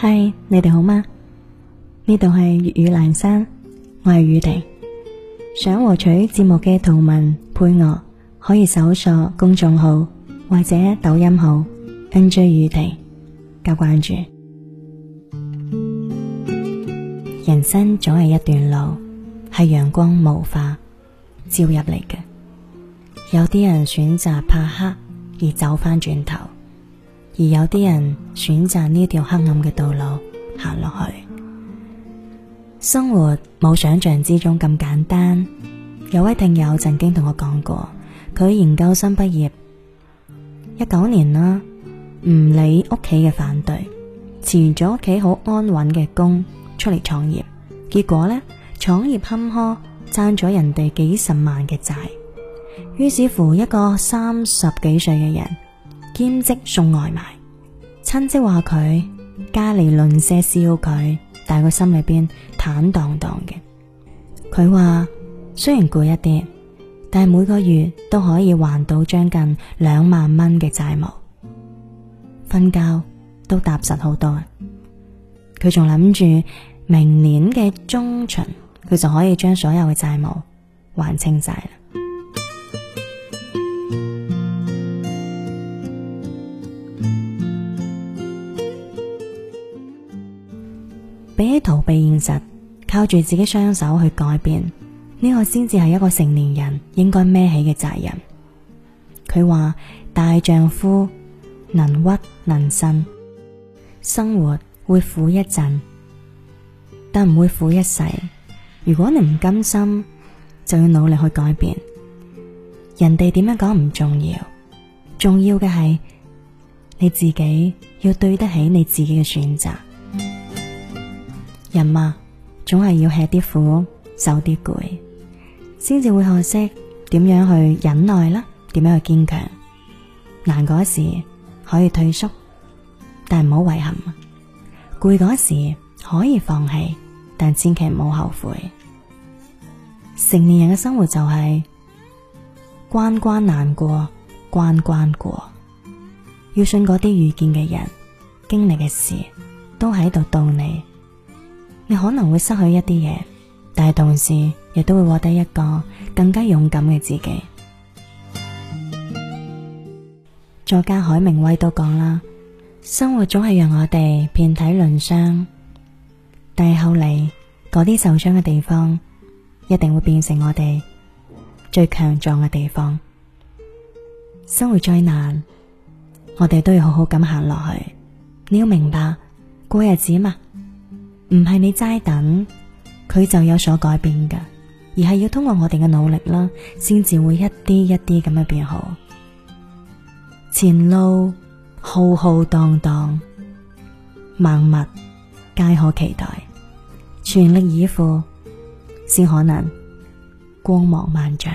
嗨，Hi，你哋好嗎？呢度係粵語闌珊，我係雨婷。想獲取節目嘅圖文配樂，可以搜索公眾號或者抖音號 NJ 雨婷加關注。人生總係一段路，係陽光無法照入嚟嘅。有啲人選擇怕黑而走翻轉頭。而有啲人選擇呢條黑暗嘅道路行落去，生活冇想象之中咁簡單。有位聽友曾經同我講過，佢研究生畢業一九年啦，唔理屋企嘅反對，辭咗屋企好安穩嘅工，出嚟創業。結果呢，創業坎坷，爭咗人哋幾十萬嘅債。於是乎，一個三十幾歲嘅人兼職送外賣。親戚話佢家裡鄰舍，笑佢，但係個心裡邊坦蕩蕩嘅。佢話雖然攰一啲，但係每個月都可以還到將近兩萬蚊嘅債務，瞓覺都踏實好多。佢仲諗住明年嘅中旬，佢就可以將所有嘅債務還清晒啦。比起逃避現實，靠住自己雙手去改變，呢個先至係一個成年人應該孭起嘅責任。佢話大丈夫能屈能伸，生活會苦一陣，但唔會苦一世。如果你唔甘心，就要努力去改變。人哋點樣講唔重要，重要嘅係你自己要對得起你自己嘅選擇。人嘛，總係要吃啲苦，受啲攰，先至會學識點樣去忍耐啦，點樣去堅強。難過時可以退縮，但唔好遺憾；攰嗰時可以放棄，但千祈唔好後悔。成年人嘅生活就係關關難過，關關過。要信嗰啲遇見嘅人，經歷嘅事，都喺度渡你。你可能會失去一啲嘢，但係同時亦都會獲得一個更加勇敢嘅自己。作家海明威都講啦，生活總係讓我哋遍體鱗傷，但係後嚟嗰啲受傷嘅地方一定會變成我哋最強壯嘅地方。生活再難，我哋都要好好咁行落去。你要明白，過日子嘛。唔係你齋等，佢就有所改變噶，而係要通過我哋嘅努力啦，先至會一啲一啲咁樣變好。前路浩浩蕩蕩，萬物皆可期待，全力以赴，先可能光芒萬丈。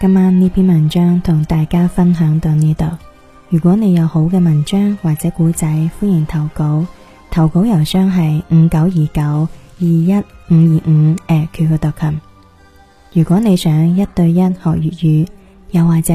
今晚呢篇文章同大家分享到呢度。如果你有好嘅文章或者古仔，歡迎投稿。投稿郵箱係五九二九二一五二五誒，QQ 讀琴。如果你想一對一學粵語，又或者，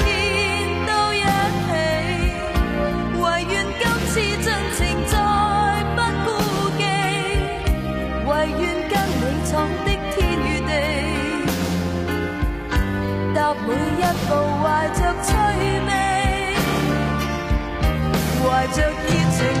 一步懷着趣味，懷著熱情。